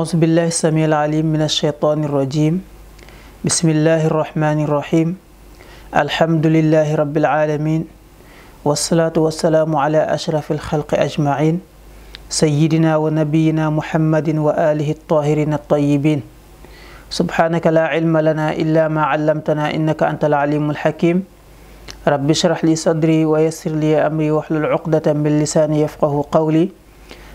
أعوذ بالله السميع العليم من الشيطان الرجيم بسم الله الرحمن الرحيم الحمد لله رب العالمين والصلاة والسلام على أشرف الخلق أجمعين سيدنا ونبينا محمد وآله الطاهرين الطيبين سبحانك لا علم لنا إلا ما علمتنا إنك أنت العليم الحكيم رب اشرح لي صدري ويسر لي أمري واحلل عقدة من لساني يفقه قولي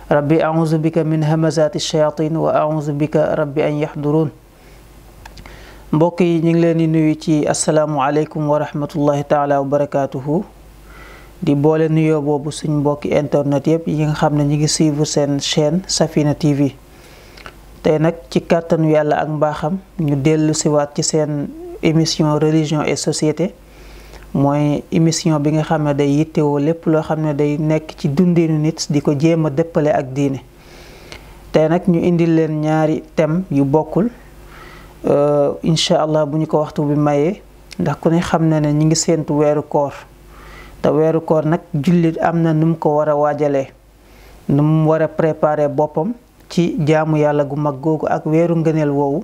rabbi auzu bika min hamazati shayatin wa auzu bika rabbi an yaxduruun mbokk yi ñu ngi leen di nuyu ci asalaamualeykum wa rahmatullahi taala wa barakaatuhu di boole nuyoo boobu suñ mbokki internet yëpp yi nga xam ne ñu ngi suivre seen chaîne Safina TV tey nag ci kàttanu yàlla ak mbaaxam ñu dellu siwaat ci seen émission religion et société mooy émission bi nga xam ne day yittewoo lépp loo xam ne day nekk ci dundinu nit di ko jéem a dëppale ak diine tey nag ñu indil leen ñaari thème yu bokkul euh, incha allah bu ñu ko waxtu bi mayee ndax ku ne xam na ne ñu ngi séentu weeru koor te weeru koor nag jullit am na nu mu ko war a waajalee nu mu war a préparer boppam ci jaamu yàlla gu mag googu ak weeru ngëneel woowu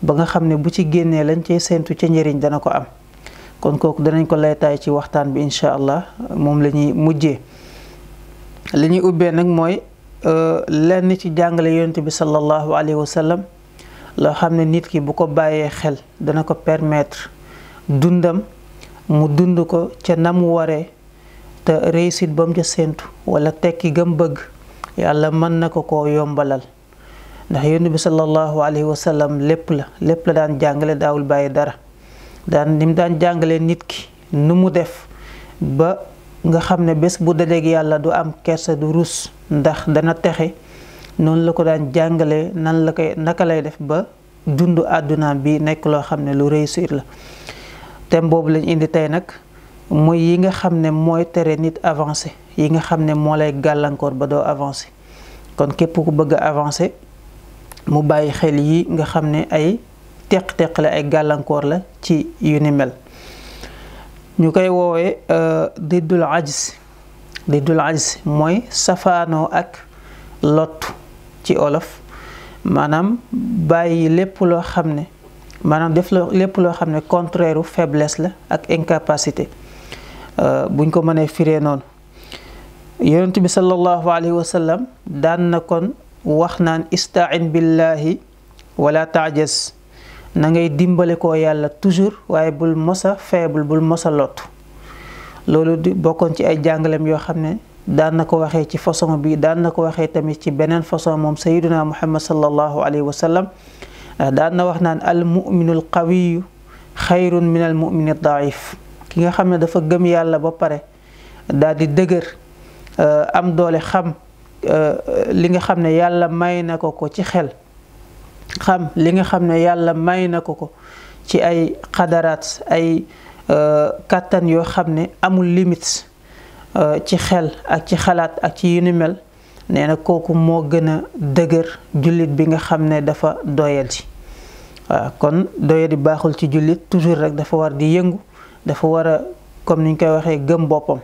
ba nga xam ne bu ci génnee lañ cay séentu ci njëriñ dana ko am kon kooku danañ ko laytaay ci waxtaan bi incha allah moom la ñuy mujjee li ñuy ubbee nag mooy euh, lenn ci jàngale yonent bi sallallahu alayhi wa loo xam ne nit ki bu ko bàyyee xel dana ko permettre dundam mu dund ko ca nam waree te réussite ba mu ca séentu wala tekki gëm bëgg yàlla mën na ko koo yombalal ndax yonent bi sallallahu alayhi wa sallam lépp la lépp la daan jàngale daawul bàyyi dara daan ni mu daan jàngalee nit ki nu mu def ba nga xam ne bés bu dajeek yàlla du am kerse du ruus ndax dana texe noonu la ko daan jàngalee nan la koy naka lay def ba dund àdduna bi nekk loo xam ne lu réussir la tem boobu lañ indi tey nag muy yi nga xam ne mooy tere nit avancé yi nga xam ne moo lay gàllankoor ba doo avancé kon képp ku bëgg a avancé mu bàyyi xel yi nga xam ne ay tek tek la ay galankor la ci yu ni mel ñukay wowe woowee diddul ajs diddul ajs moy safano ak lot ci olof manam bàyyi lépp lo xamne manam def la lépp lo xamne contraire u faiblesse la ak incapacité buñ ko mënee firé non yaronte bi sallallahu alayhi wa sallam dan na kon wax naan istain billahi wala tajas na ngay dimbale ko yàlla toujours waye bul mossa faible bul mossa lott lolu di bokon ci ay jangalem yo xamné dan nako waxé ci façon bi dan nako waxé tamit ci benen façon mom sayyiduna muhammad sallallahu alayhi wa sallam daan na wax nan al muminul qawiyu xayrun min al mumini daif ki nga xam ne dafa gëm yàlla ba pare daal di dëgër am doole xam li nga xam ne yàlla may na ko ko ci xel xam li nga xam ne yàlla may na ko ko ci ay xadaraat ay kàttan yoo xam ne amul limite ci xel ak ci xalaat ak ci yu ni mel nee na kooku moo gën a dëgër jullit bi nga xam ne dafa doyal ci waaw kon di baaxul ci jullit toujours rek dafa war di yëngu dafa war a comme niñ koy waxee gëm boppam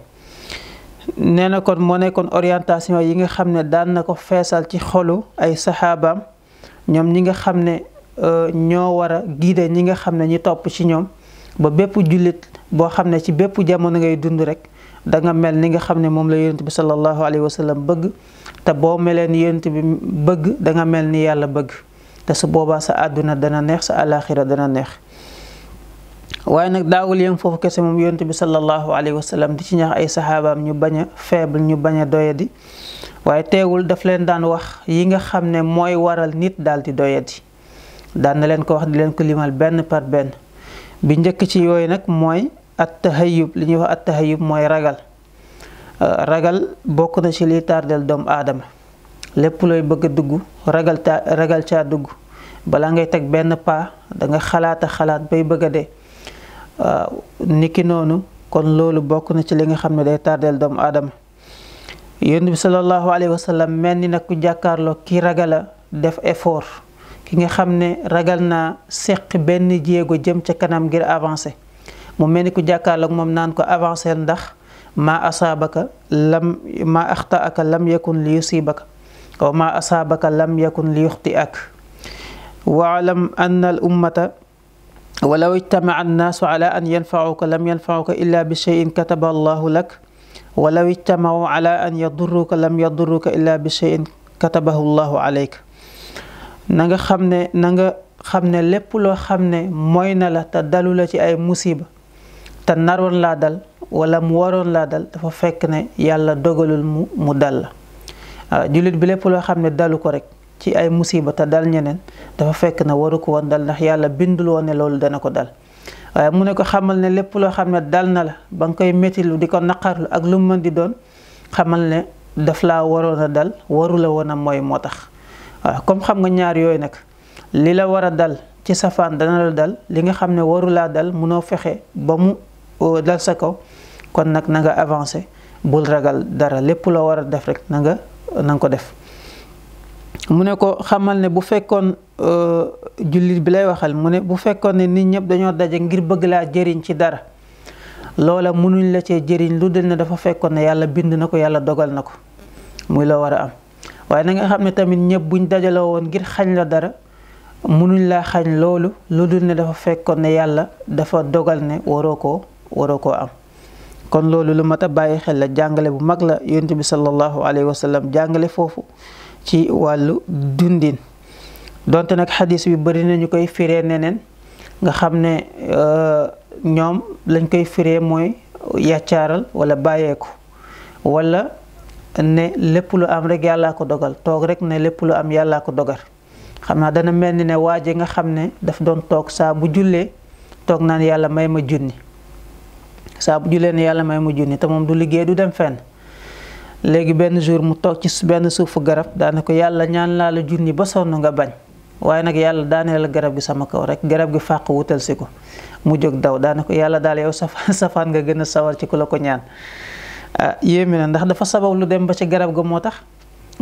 nee na kon moo nekkoon orientation yi nga xam ne daan na ko feesal ci xolu ay saxaabaam ñom ñi nga xamne ne ñoo war a guider ñi nga xamne ñi top ci ñom ba bép jullit bo xamne ci bép jamono ngay dund rek da nga mel ni nga xamne mom la yonent bi sallallahu alayhi wa sallam bëgg ta bo melee ni bi bëgg da nga mel ni yàlla bëgg ta su boba sa aduna dana neex sa alakhirah dana neex waaye nak dawul yeng fofu kesse mom yonent bi sallallahu alayhi wasallam di ci ñaax ay sahabaam ñu baña faible ñu baña doyadi waaye teewul daf leen daan wax yi nga xam ne mooy waral nit daal di doyati daan na leen ko wax di leen ko limal benn par benn bi njëkk ci yooyu nag mooy attahayub li ñuy wax attahayub mooy ragal euh, ragal bokk na ci liy tardel doomu aadama lépp looy bëgg dugg ragal caa dugg balaa ngay teg benn paa danga nga xalaata xalaat bay bëgg de dee euh, niki noonu kon loolu bokk na ci li nga xam ne day tardel doomu aadama yonent bi sallallahu alayhi wa sallam mel ni nag ku jàkkaarloo ki ragala def effort ki nga xam ne ragal naa seq benn jéego jëm ca kanam ngir avancé mu mel ni ku jàkkaarloo moom naan ko avancé ndax maa asaabaka lam maa axtaaka lam yakun li yusibaka wa maa asaabaka lam yakun li yuxti ak waalam anna al ummata walaw ijtamaca annaasu ala an yanfacuka lam yanfacuka illa bi cheyin kataba allahu lak walaw ijtamau ala an yadurruka lam yadurruka illa bi cheyin katabahu llahu aleyka na nga xam ne na xam ne lépp loo xam ne mooy na la te dalula ci ay musiba te naroon laa dal wala mu waroon laa dal dafa fekk ne yàlla dogalul mu mu dal la ah, jullit bi lépp loo xam ne dalu ko rek ci ay musiba te dal ñeneen dafa fekk ne waru ko woon dal ndax yàlla bindul woon ne loolu dana ko dal waaye mu ne ko xamal ne lépp loo xam ne dal na la ba nga koy méttilu di ko naqarlu ak lu mu mën di doon xamal ne daf laa waroon a dal waru la woon a mooy moo tax waaw comme xam nga ñaar yooyu nag li la war a dal ci safaan dana la dal li nga xam ne waru laa dal munoo fexe ba mu dal sa kaw kon nag na nga avancé bul ragal dara lépp loo war a def rek na nga na nga ko def mu ne ko xamal ne bu fekkoon. jullit bi lay waxal mu ne bu fekkoon ne nit ñëpp dañoo daje ngir bëgg laa jëriñ ci dara loola mënuñ la cee jëriñ lu dul ne dafa fekkoon ne yàlla bind na ko yàlla dogal na ko muy la war a am waaye na xam ne tamit ñëpp buñ dajaloo ngir xañ la dara mënuñ laa xañ loolu lu dul ne dafa fekkoon ne yàlla dafa dogal ne waroo ko waroo ko am kon loolu lu mat a bàyyi xel la jàngale bu mag la yonent bi sallallahu alayhi wa jàngale foofu ci wàllu dundin donte nag xadis bi bari nañu koy firee neneen nga xam ne euh, ñoom lañ koy firee mooy yàccaaral wala bàyyeeku wala ne lépp lu am rek yàllaa ko dogal toog rek ne lépp lu am yàllaa ko dogal xam naa dana mel ni ne waaje nga xam ne daf doon toog saa bu jullee toog naan yàlla may ma junni saa bu jullee ne yàlla may ma junni te moom du liggéey du dem fenn léegi benn jour mu toog ci benn suufu garab daana ko yàlla ñaan laa la junni ba sonn nga bañ waaye nag yàlla daaneel garab gi sama kaw rek garab gi fàq wutal si ko mu jóg daw daane ko yàlla daal yow safaan safaan nga gën a sawar ci ku la ko ñaan ah yéeme na ndax dafa sabab lu dem ba ci garab ga moo tax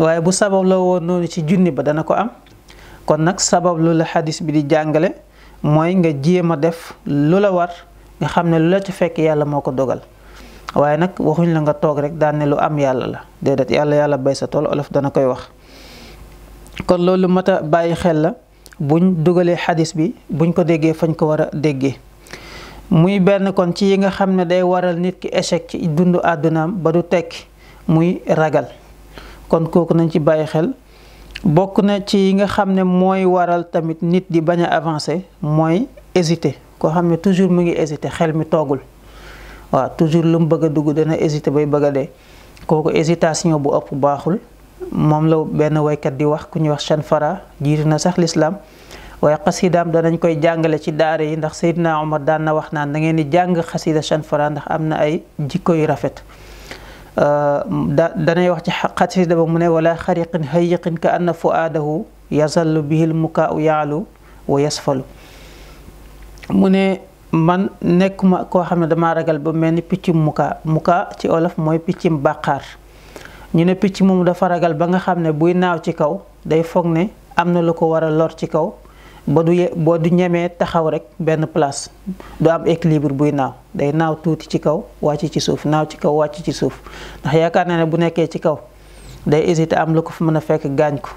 waaye bu sabab la woon noonu ci junni ba dana ko am kon nag sabab lu la xadis bi di jàngale mooy nga jéem a def lu la war nga xam ne lu la ci fekk yàlla moo ko dogal waaye nag waxuñ la nga toog rek daan lu am yàlla la déedéet yàlla yàlla bay sa tool olof dana koy wax kon lolou mata baye xel la buñ dugalé hadith bi buñ ko déggé fañ ko wara déggé muy ben kon ci yi nga xamné day waral nit ki échec ci dundu àddunaam ba du tek muy ragal kon koku nañ ci baye xel bokk na ci yi nga xamné moy waral tamit nit di baña avancer moy hésiter ko xamné toujours mu ngi hésiter xel mi togul wa toujours lu mu bëgg dugg dana hésiter bay bëgg a dee hésitation bu ëpp baaxul moom la benn waykat di wax ku ñuy wax Chan Fara jiitu na sax lislaam waaye xasidaam danañ koy jàngale ci daara yi ndax Seydina Omar daan na wax naan da ngeen di jàng xasida Chan Fara ndax am na ay jikko yu rafet. Euh, da danay wax ci xasida ba mu ne wala xariqin hayiqin ka anna fuaadahu yazallu bihil mukaau yaalu wa yasfalu mu ne man nekkuma koo xam ne dama ragal ba mel ni piccum muka mukaa ci olof mooy piccum bàqaar ñu ne picc moom dafa ragal ba nga xam ne buy naaw ci kaw day foog ne am na lu ko war a lor ci kaw ba du boo du ñemee taxaw rek benn place du am équilibre buy naaw day naaw tuuti ci kaw wàcc ci suuf naaw ci kaw wàcc ci suuf ndax yaakaar na ne bu nekkee ci kaw day hésité am lu ko fa mën a fekk gaañ ko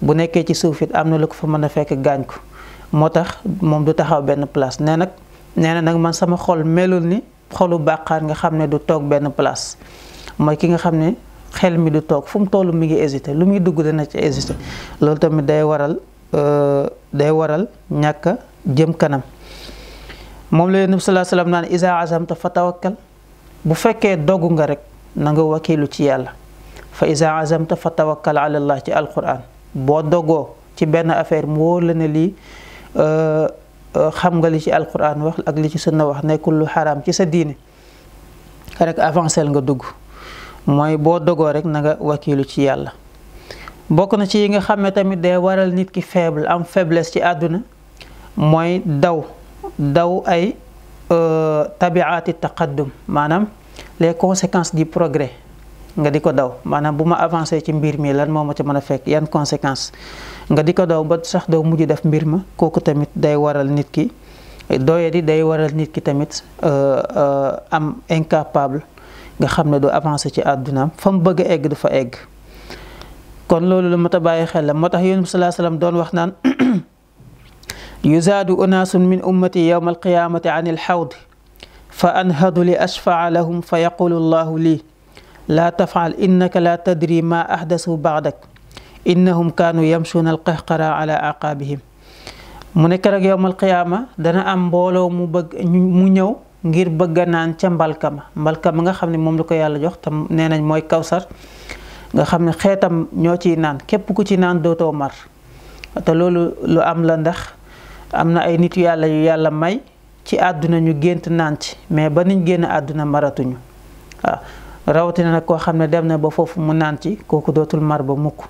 bu nekkee ci suuf it am na lu ko fa mën a fekk gaañ ko moo tax moom du taxaw benn place nee nag nee na nag man sama xol melul ni xolu bàqaar nga xam ne du toog benn place mooy ki nga xam ne xel mi du toog fu mu toll mi ngi hésité lu muy dugg dana ci hésité loolu tamit day waral day waral ñàkk jëm kanam moom la nabi sallallahu alayhi wasallam naan isa azamta fa tawakkal bu fekkee dogu nga rek na nga wakilu ci yàlla fa isa azamta fa tawakkal ala allah ci alquran boo dogoo ci benn affaire mu wóor la ne lii xam nga li ci alquran wax ak li ci sunna wax nekkul lu xaraam ci sa diine rek avancer nga dugg Moy bo dogo rek na nga wakilu ci yalla bok na ci yi nga xamé tamit day waral nit ki faible am faiblesse ci aduna Moy daw daw ay euh, tabiati taqaddum Manam, les conséquences du progrès nga di daw manam buma avancer ci mbir mi lan moma ci meuna fek yane conséquences nga diko daw ba sax doo muju def mbir ma koku tamit day waral nit ki dooye di day waral nit ki tamit euh, euh, am incapable nga xamne do avancer ci aduna fam mu bëgg egg du fa egg kon loolu lu mata baye xel la motax yunus sallallahu alayhi wasallam salaam doon wax naan yuzadu unaasun min ummati yawm alqiyamati an alhawd fa anhadu li ashfaa lahum fa yaqulu allah li laa tafaal innaka laa tadri maa ahdasu baadak innahum kaanu yamshuuna alqahqara ala aqaabihim mu ne keroog yowmal qiyaama dana am mbooloo mu bëgg mu ñëw ngir bëgg naan ca mbalka ma nga xamni mom lu ko yalla jox tam nenañ moy kawsar nga xamni ne xeetam ñoo ciy naan képp ku ci naan doto mar te lolu lu am la ndax amna ay nit yalla yu yalla may ci aduna ñu gënt naan ci mais ba niñu gën aduna maratuñu waaw rawatina nag koo dem na ba fofu mu naan ci koku dotul mar ba mukk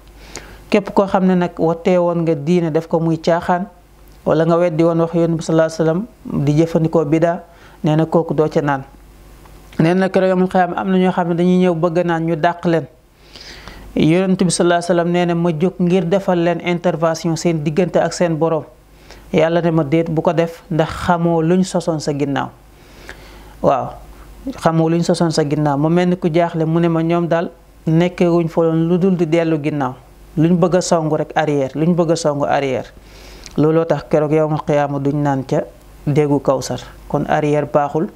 képp ko xamne nak nag won nga diine def ko muy caaxaan wala nga weddi won wax yoonu sallallahu alayhi wasallam di jëfëndiko bida nee koku do doo ca naan nee na keroog yomul xiyaam am na ñoo xam ne dañuy ñew bëgg naan ñu dakk leen yaronte bi sallallahu alayhi wasallam ma ngir defal leen intervention seen digënte ak seen borom yalla ne ma deet bu ko def ndax xamoo luñ soson sa ginnaw waaw xamoo luñ soson sa ginnaw mo melni ku jaaxle mu ne ma ñom dal nekkee wuñ fa loon di delu ginnaw luñ bëgg songu rek arrière luñ bëgg songu arrière lolo tax kérok yowul duñ nan ca déggu kawsar kon arrière baaxul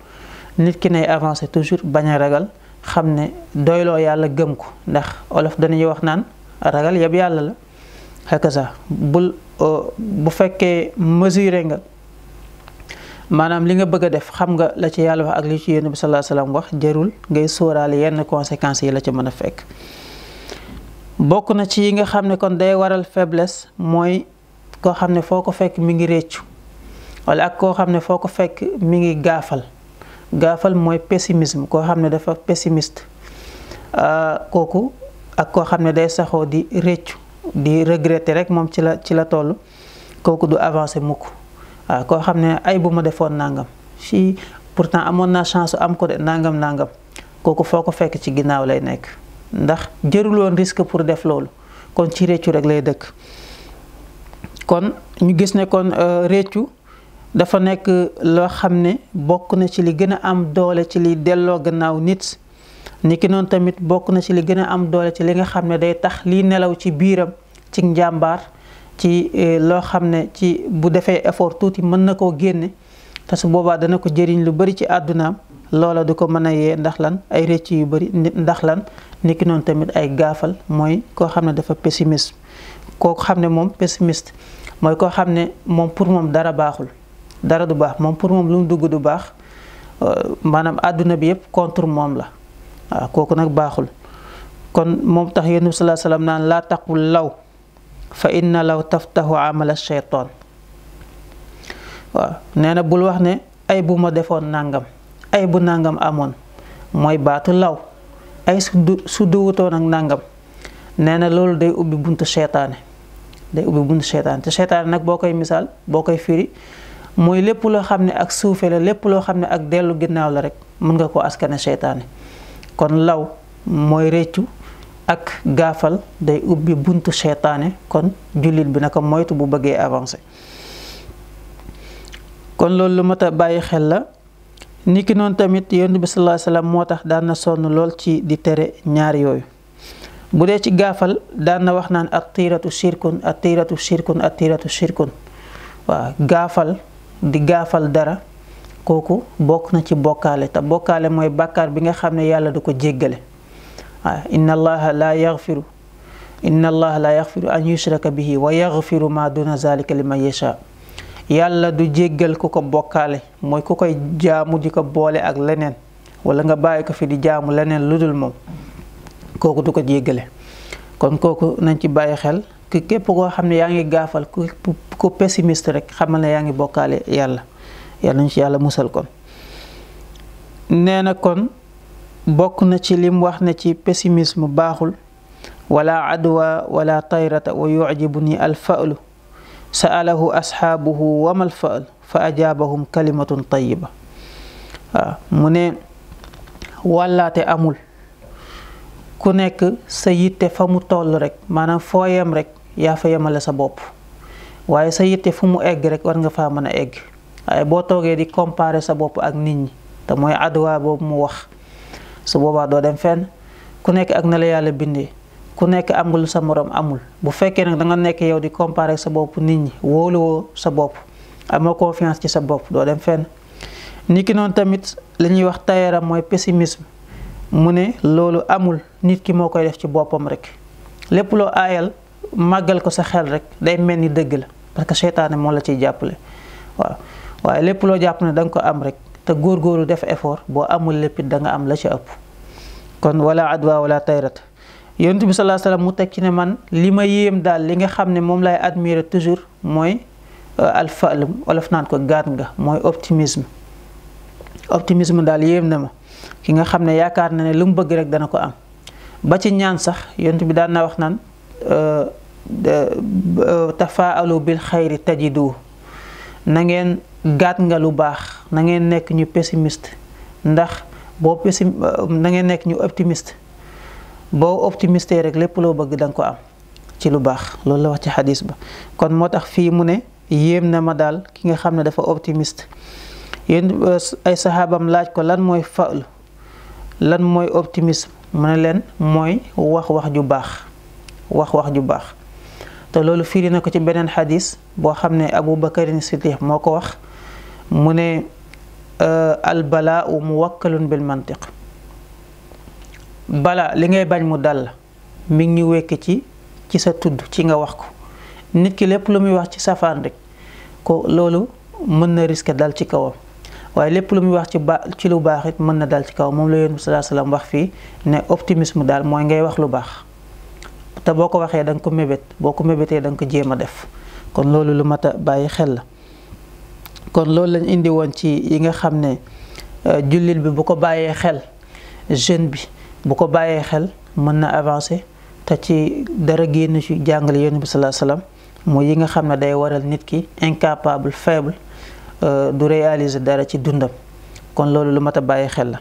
nit ki nay avancé toujours bañ a ragal xam ne doyloo yàlla gëm ko ndax olof dañuy wax naan ragal yab yàlla la xekk sax bul bu fekkee mesuré nga maanaam li nga bëgg a def xam nga la ci yàlla wax ak li ci yonent bi sallallahu alayhi wasallam wax jërul ngay sóoraale yenn conséquences yi la ci mën a fekk bokk na ci yi nga xam ne kon day waral faiblesse mooy koo xam ne foo ko fekk mi ngi réccu wala ak koo xam ne foo ko fekk mu ngi gaafal gaafal mooy pessimisme koo xam ne dafa pessimiste euh, kooku ak koo xam ne day saxoo di réccu di regretter rek moom ci la ci la toll kooku du avancer mukk waaw koo xam ne ay bu ma defoon nangam si pourtant amoon naa chance am ko de nangam nangam kooku foo ko fekk ci ginnaaw lay nekk ndax jëruloon risque pour def loolu kon ci réccu rek lay dëkk kon ñu gis ne kon euh, réccu dafa nekk loo xam ne bokk na ci li gën a am doole ci li delloo gannaaw nit niki noonu tamit bokk na ci li gën a am doole ci li nga xam ne day tax liy nelaw ci biiram ci njàmbaar ci e, loo xam ne ci bu defee effort tuuti mën na koo génne te su boobaa dana ko jëriñ lu bari ci àddunaam loola du ko mën a yee ndax lan ay rëcc yu bari ndax lan niki noonu tamit ay gaafal mooy koo xam ne dafa pessimiste koo xam ne moom pessimiste mooy koo xam ne moom pour moom dara baaxul dara du baax moom pour moom lu mu dugg du baax euh, maanaam àdduna bi yëpp contre moom la waaw kooku nag baaxul kon moom tax yonent bi salaa naan laa taqul law fa inna law taftahu amala shaytaan waaw nee na bul wax ne ay bu defoon nàngam ay bu nàngam amoon mooy baatu law ay su su duwutoon ak nangam nee na loolu day ubbi buntu seytaane day ubbi buntu seytaane te seytaane nag boo koy misaal boo koy firi mooy lépp loo xam ne ak suufe la lépp loo xam ne ak dellu ginnaaw la rek mën nga koo askane seytaane kon law mooy réccu ak gaafal day ubbi buntu seytaane kon jullit bi naka moytu bu bëggee avancé kon loolu lu mat a bàyyi xel la ni ki noonu tamit yonent bi sallallahu alayhi wasallam moo tax daan na sonn lool ci di tere ñaar yooyu bu dee ci gaafal daan na wax naan at tiiratu shirkun at tiiratu shirkun at tiiratu shirkun waaw gaafal di gaafal dara kooku bokk na ci bokkaale te bokkaale mooy bàkkaar bi nga xam ne yàlla du ko jéggale waaw ah, inna la laa yaxfiru inna allaha laa an yushraka bihi wa yaxfiru ma duna zalika li man yàlla du jéggal ku ko bokkaale mooy ku koy jaamu di ko boole ak leneen wala nga bàyyi ko fi di jaamu leneen lu dul moom kooku du ko jéggale kon kooku nañ ci bàyyi xel que képp koo xam ne yaa ngi gaafal ku ku rek xamal ne yaa ngi bokkaale yàlla yàlla ci yàlla musal kon nee na kon bokk na ci lim wax ne ci pessimisme baaxul wala adwa wala tayrata wa yujibu ni alfaalu saalahu asxaabuhu wamal faal fa ajaabahum kalimatun tayiba waaw mu ne wàllaate amul ku nekk sa yitte fa mu toll rek maanaam fooyam rek Ya, fa sabop. sa bop waye sa yitte fu mu egg rek war nga fa meuna egg ay bo toge di comparer sa bop ak nit ñi te moy adwa boobu mu wax su boba do dem fen ku nek ak na la yalla bindé ku nek amul sa morom amul bu fekke nak da nga nek yow di comparer sa bop nit ñi wóoluwoo sa bopp amoo confiance ci sa bop do dem fen niki non tamit wax moy pessimisme mune lolu amul nit ki moo koy def ci bopam rek lepp lo ayal magal ko sa xel rek day melni deug la parce que seytaane mo la ci jàppale waaw waaye lépp lo jàpp ne dang ko am rek te gor goru def effort bo amul lépp da nga am la ci upp kon wala adwa wala tayrat yonent bi sallallahu alayhi wasallam mu tek ci ne man lima yem dal li nga xamne mom lay admirer toujours moy al fa'l wala fnan ko gat nga moy optimisme optimisme dal yem na ma ki nga xamne ne na ne lu mu bëgg rek dana ko am ba ci ñaan sax yonent bi da na wax nan Eh, eh, tafaalu bil khair tajidu na ngeen gat nga lu bax na ngeen nek ñu pessimiste ndax bo pessim na ngeen nek ñu optimiste bo optimiste rek lepp lo bëgg dang ko am ci lu bax loolu la wax ci hadith ba kon motax fi mu ne yem na ma dal ki nga xamne dafa optimiste yeen eh, ay sahabam laaj ko lan moy fa'l lan moy optimisme mu ne leen wax wax ju bax wax wax ju baax te loolu firi na ko ci beneen xadis boo xam ne abu bakarin siddiq moo ko wax mu ne euh, albalaa muwakkalun bil mantiq bala li ngay bañ mu dal mi ngi ñu wekk ci ci sa tudd ci nga wax ko nit ki lépp lu muy wax ci safaan rek ko loolu mën na risque dal ci kawam waaye lépp lu muy wax ci ba ci lu baax it mën na dal ci kawam moom la yonent salaa sallallahu alayhi wasallam wax fii ne optimisme daal mooy ngay wax lu baax te boko waxe dang ko mébét boko mebete dang ko jema def kon lolou lu mata baye xel la kon lolou lañ indi won ci yi nga xamne julil bi bu ko baye xel jeune bi bu ko baye xel mën na avancer te ci dara génn ci jangal yoni bi sallallahu alayhi wasallam mooy yi nga xamne day waral nit ki incapable faible euh du réaliser dara ci dundam kon lolou lu mata baye xel la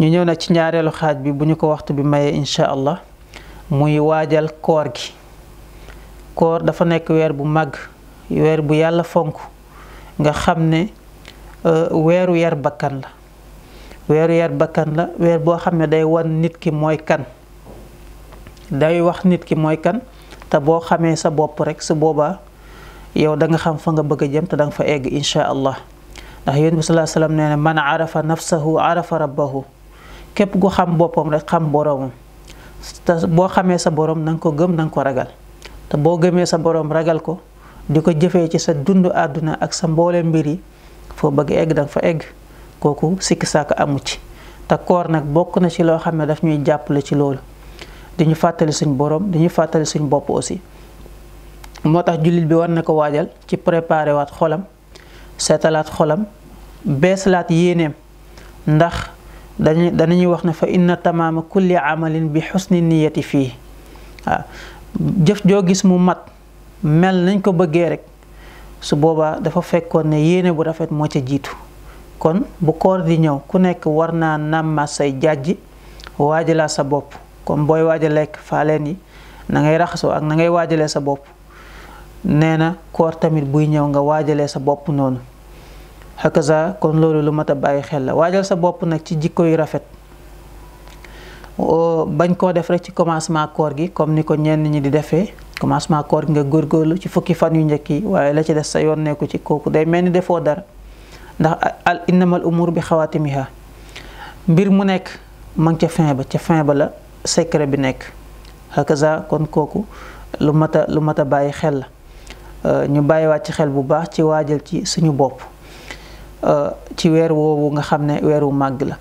ñu ñëw nag ci ñaarelu xaj bi buñu ko waxtu bi maye incha allah muy waajal koor gi koor dafa nek weer bu mag weer bu yalla fonk nga xam ne euh, weeru yar bakkan la weeru yar bakkan la weer bo xam day wan nit ki moy kan day wax nit ki moy kan ta bo sa bop rek su boba yow da nga xam fa nga bëgg jëm ta da nga fa egg insha allah ndax yonent bi sallallahu alayhi wasallam sallam man arafa nafsahu arafa rabbahu kep gu xam rek xam boromam te boo xamee sa borom na ko gëm na nga ko ragal te boo gëmee sa boroom ragal ko di ko jëfee ci sa dund àdduna ak sa mboole mbir yi foo bëgg egg danga fa egg kooku sikki sàkk amu ci te koor nag bokk na ci loo xam ne daf ñuy jàppale ci loolu di ñu fàttali suñ borom di ñu fàttali suñ bopp aussi moo tax jullit bi war na ko waajal ci préparé waat xolam seetalaat xolam beesalaat yéeneem ndax dañuy danañuy wax ne fa inna tamaama kulli amalin bi xusni niyati fii waaw jëf joo gis mu mat mel nañ ko bëggee rek su boobaa dafa fekkoon ne yéene bu rafet moo ca jiitu kon bu koor di ñëw ku nekk war naa nàmma say jàjji waajalaa sa bopp kon booy waaja lekk faaleen yi na ngay raxasoo ak na ngay waajalee sa bopp nee na koor tamit buy ñëw nga waajalee sa bopp noonu hakaza kon loolu lu mat a bàyyi xel la waajal sa bopp nag ci jikko yu rafet bañ koo def rek ci commencement koor gi comme ni ko ñenn ñi di defee commencement koor gi nga góorgóorlu ci fukki fan yu njëkk yi waaye la ci des sa yoon nekku ci kooku day mel ni defoo dara ndax al innamal umur bi xawaatimiha mbir mu nekk ma ngi ca fin ba ca fin ba la secret bi nekk hakaza kon kooku lu mat a lu mat a bàyyi xel la euh, ñu bàyyi wàcc xel bu baax ci waajal ci suñu bopp Euh, ci weer woowu nga xam ne weeru màgg la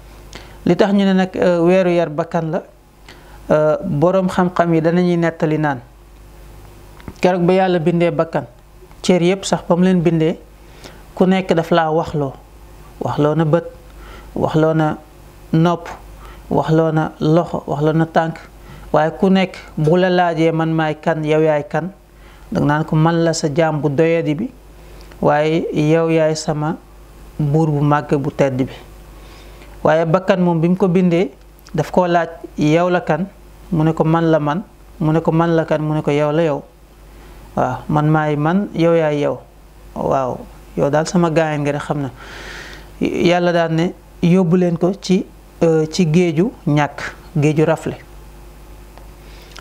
li tax ñu ne nag euh, weeru yar bakkan la euh, boroom xam-xam yi danañuy nettali naan keroog ba yàlla bindee bakkan cër yépp sax ba mu leen bindee ku nekk daf la waxloo waxloo na bët waxloo na nopp waxloo na loxo waxloo na tànk waaye ku nekk bu la man maay kan yow yaay kan danga naan ko man la sa jaam bu doyadi bi waaye yow yaay sama buur bu màgg bu tedd bi waaye bakkan moom bi mu ko bindee daf koo laaj yow la kan mu ne ko man la man mu ne ko man la kan mu ne ko yow la yow waaw man maay man yow yaay yow waaw yow daal sama gaayan nga rek xam na yàlla daan ne yóbbu leen ko ci euh, ci géeju ñàkk géeju rafle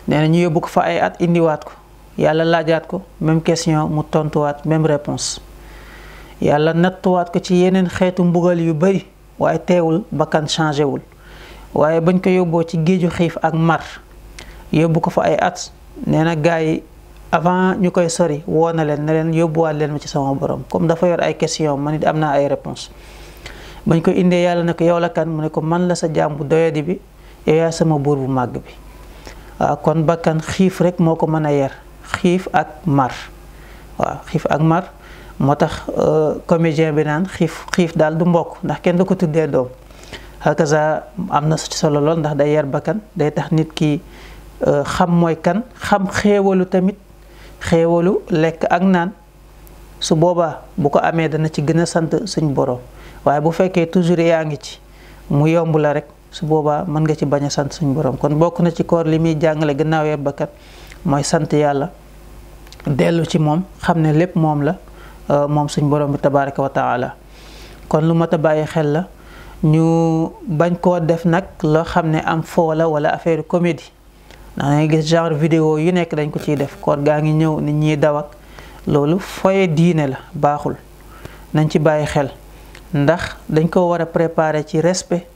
nee na ñu yóbbu ko fa ay at indiwaat ko yàlla laajaat ko même question mu tontuwaat même réponse yàlla nattuwaat ko ci yeneen xeetu mbugal yu bari waaye teewul bakkan changé wul waaye bañ ko yóbboo ci géeju xiif ak mar yóbbu ko fa ay at nee na gars yi avant ñu koy sori woo na leen ne leen yóbbuwaat leen ma ci sama borom comme dafa yor ay question man it am naa ay réponse bañ ko indee yàlla ne yow la kan mu ne ko man la sa jàmbu bu doyadi bi yow yaa sama buur bu màgg bi waaw kon bakkan xiif rek moo ko mën a yar xiif ak mar waaw xiif ak mar moo tax euh, comédien bi naan xiif xiif daal du mbokk ndax kenn du ko tuddee doom hakaza am na ci solo lool ndax day yar bakkan day tax nit ki euh, xam mooy kan xam xéewalu tamit xéewalu lekk ak naan su boobaa bu ko amee dana ci gën a sant suñ borom waaye bu fekkee toujours yaa ngi ci mu yomb la rek su boobaa mën nga ci bañ a sant suñ borom kon bokk na ci koor li muy jàngale gannaaw yar bakkan mooy sant yàlla dellu ci moom xam ne lépp moom la Euh, moom suñ borom bi tabaraka wa taala kon lu mat a bàyyi xel la ñu bañ koo def nag loo xam ne am foo la wala affaire comédie ndax dangay gis genre vidéo yu nekk dañ ko ciy def koor gaa ngi ñëw nit ñiy dawak loolu foye diine la baaxul nañ ci bàyyi xel ndax dañ ko war a préparer ci respect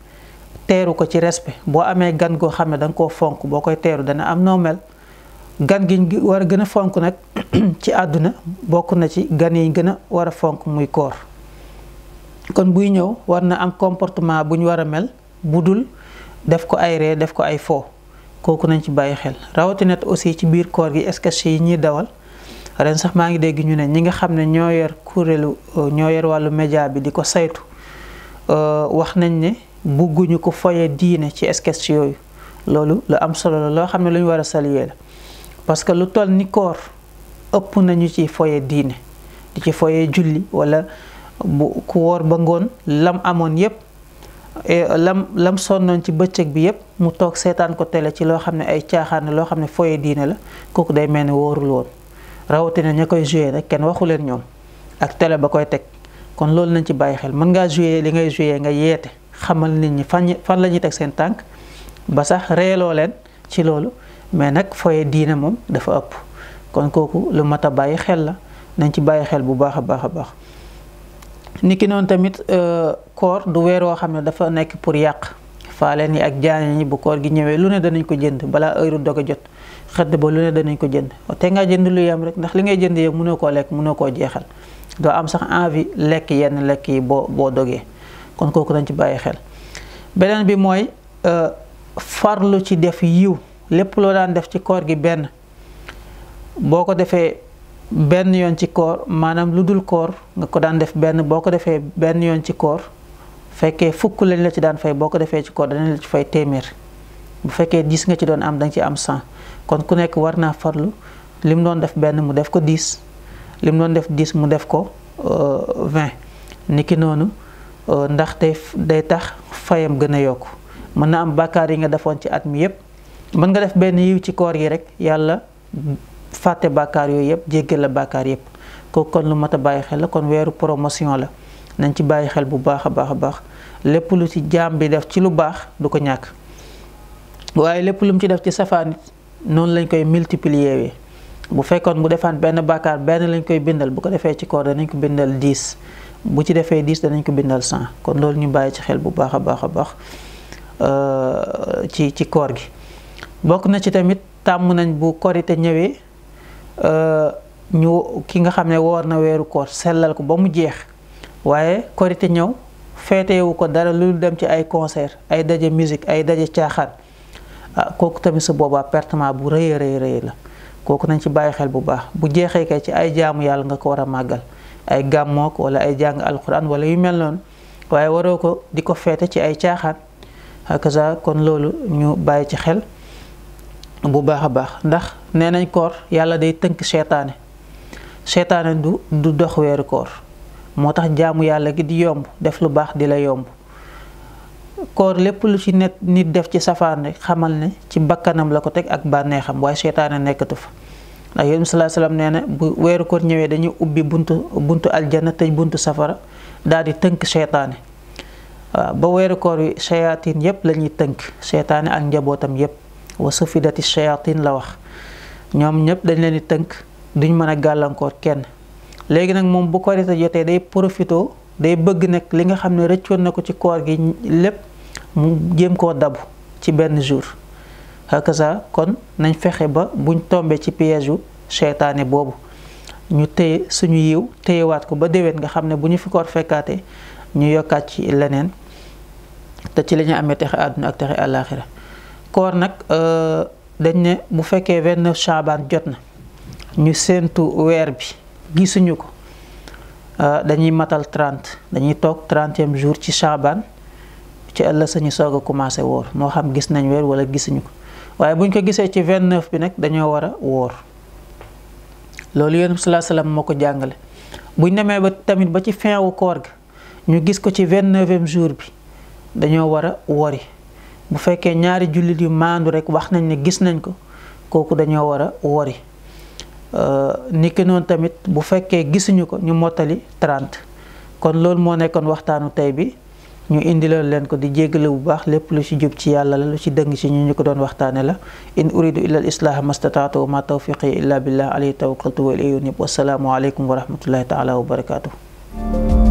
teeru ko ci respect boo amee gan goo xam ne da nga koo fonk boo koy teeru dana am noo mel gan gi war a gën a fonk nag ci àdduna bokk na ci gan yi gën a war a fonk muy koor kon buy ñëw war na am comportement bu ñu war a mel bu dul def ko ay ree def ko ay fo kooku nañ ci bàyyi xel rawatina aussi ci biir koor gi sketch yi ñuy dawal ren sax maa ngi dégg ñu ne ñi nga xam ne ñoo yor kuréelu ñoo yor wàllu média bi di ko saytu euh, wax nañ ne bugguñu ko foye diine ci sketch yooyu loolu lu am solo la loo xam ne lu ñu war a saluer la parce que lu toll ni koor ëpp nañu ci foye diine di ci foye julli walla bu ku woor ba ngoon lam amoon yépp eh, lam lam sonnoon ci bëccëg bi yépp mu toog seetaan ko tele ci loo xam ne ay caaxaan loo xam ne foye diine la kooku day mel ne woorul woon rawatina ña koy joué nag kenn waxu leen ñoom ak tele ba koy teg kon loolu nañ ci bàyyi xel man ngaa joué li ngay joué nga yeete xamal nit ñi fan fan la ñuy teg seen tànk ba sax reeloo leen ci loolu mais nag foye diine moom dafa ëpp kon kooku lu mat a bàyyi xel la nañ ci bàyyi xel bu baax a baax a baax niki noonu tamit euh, koor du weer woo xam ne dafa nekk pour yàq faaleen yi ak jaan yi bu koor gi ñëwee lu ne danañ ko jënd balaa heure dog a jot xëdd ba danañ ko jënd te ngaa jënd lu yem rek ndax li ngay jënd yow mënoo koo lekk mënoo koo jeexal doo am sax envie lekk yenn lekk yi boo boo dogee kon kooku ci bàyyi xel beneen bi mooy euh, farlu ci def yiw lépp loo daan def ci koor gi benn boo ko defee benn yoon ci koor maanaam lu dul koor nga ko daan def benn boo ko defee benn yoon ci koor fekkee fukk lañ la ci daan fay boo ko defee ci koor danañ la ci fay téeméer bu fekkee diis nga ci doon am danga ci am cent kon ku nekk war naa farlu lim doon def benn mu def ko diis lim doon def diis mu def ko euh, vingt niki noonu euh, ndax day day tax fayam gën a yokku mën na am bàkkaar yi nga defoon ci at mi yépp mën nga def benn yiw ci koor gi rek yàlla fàtte bàkkaar yooyu yëpp jéggal la bàkkaar yëpp ko kon lu mat a bàyyi xel la kon weeru promotion la nañ ci bàyyi xel bu baax a baax a baax lépp lu ci jaam bi def ci lu baax du ko ñàkk waaye lépp lu mu ci def ci safaan noonu lañ koy multiplier wi bu fekkoon bu defaan benn bàkkaar benn lañ koy bindal bu ko defee ci koor danañ ko bindal diis bu ci defee 10 danañ ko bindal 100 kon loolu ñu bàyyi ci xel bu baax a baax a baax euh, ci ci koor gi bokk na ci tamit tàmm nañ bu korite ñëwee euh, ñu ki nga xam ne woor na weeru koor sellal ko ba mu jeex waaye korite ñëw feetewu ko dara lu dem ci ay concert ay daje musique ay daje caaxaan ah kooku tamit su boobaa pertement bu rëyee rëy rëy la kooku nañ ci bàyyi xel bu baax bu jeexee kay ci ay jaamu yàlla nga ko war a màggal ay gàmmook wala ay jàng alxuraan wala yu mel noonu waaye waroo ko di ko feete ci ay caaxaan hakaza kon loolu ñu bàyyi ci xel bu baax a baax ndax nee nañ koor yàlla day tënk seetaane seetaane du du dox weeru koor moo tax jaamu yàlla gi di yomb def lu baax di la yomb koor lépp lu ci net nit def ci safaan rek xamal ne ci bakkanam la ko teg ak bànneexam waaye seetaane nekkatu fa ndax yéen sallallahu alayhi nee na bu weeru koor ñëwee dañu ubbi buntu buntu aljana tëj buntu safara daal di tënk seetaane waaw ba weeru koor wi sayaatin yépp la tënk seetaane ak njabootam yépp wa sufidati shayatin la wax ñoom ñëpp dañ leen di tënk duñ mën a gàllankoor kenn léegi nag moom bu korite jotee day profito day bëgg nag li nga xam ne rëccoon na ko ci koor gi lépp mu jéem koo dabu ci benn jour hakaza kon nañ fexe ba buñ tombee ci piège u seytaane boobu ñu téye suñu yiw téyewaat ko ba déwén nga xam ne bu ñu fi koor fekkaate ñu yokkaat ci leneen te ci la ñu amee texe àdduna ak texe àllaaxira koor nag euh, dañ ne bu fekkee vingt neuf chaabaan jot na ñu séentu weer bi gisuñu ko euh, dañuy matal trente dañuy toog trentième jour ci chaabaan ci ëllëg sañu soog a commencé woor moo xam gis nañ weer wala gisuñu ko waaye buñ ko gisee ci vingt neuf bi nag dañoo war a woor loolu yonent bi salaa moo ko jàngale buñ nemee ba tamit ba ci fin wu koor ga ñu gis ko ci vingt neuvième jour bi dañoo war a wori bu fekkee ñaari jullit yu maandu rekk wax nañ ne gis nañ ko kooku dañoo war a wori euh, niki noonu tamit bu fekkee gisuñu ko ñu mottali 30 kon loolu moo nekkoon waxtaanu tey bi ñu indiloon leen ko di jéggale bu baax lépp lu ci jub ci yàlla la lu ci dëng ci ñu ñu ko doon waxtaane la in uridu illa al islaaha mastataatu wa ma tawfiqi illa billah alayhi tawakkaltu wa ilayhi unib wassalaamu aleykum wa rahmatullahi wa barakatuh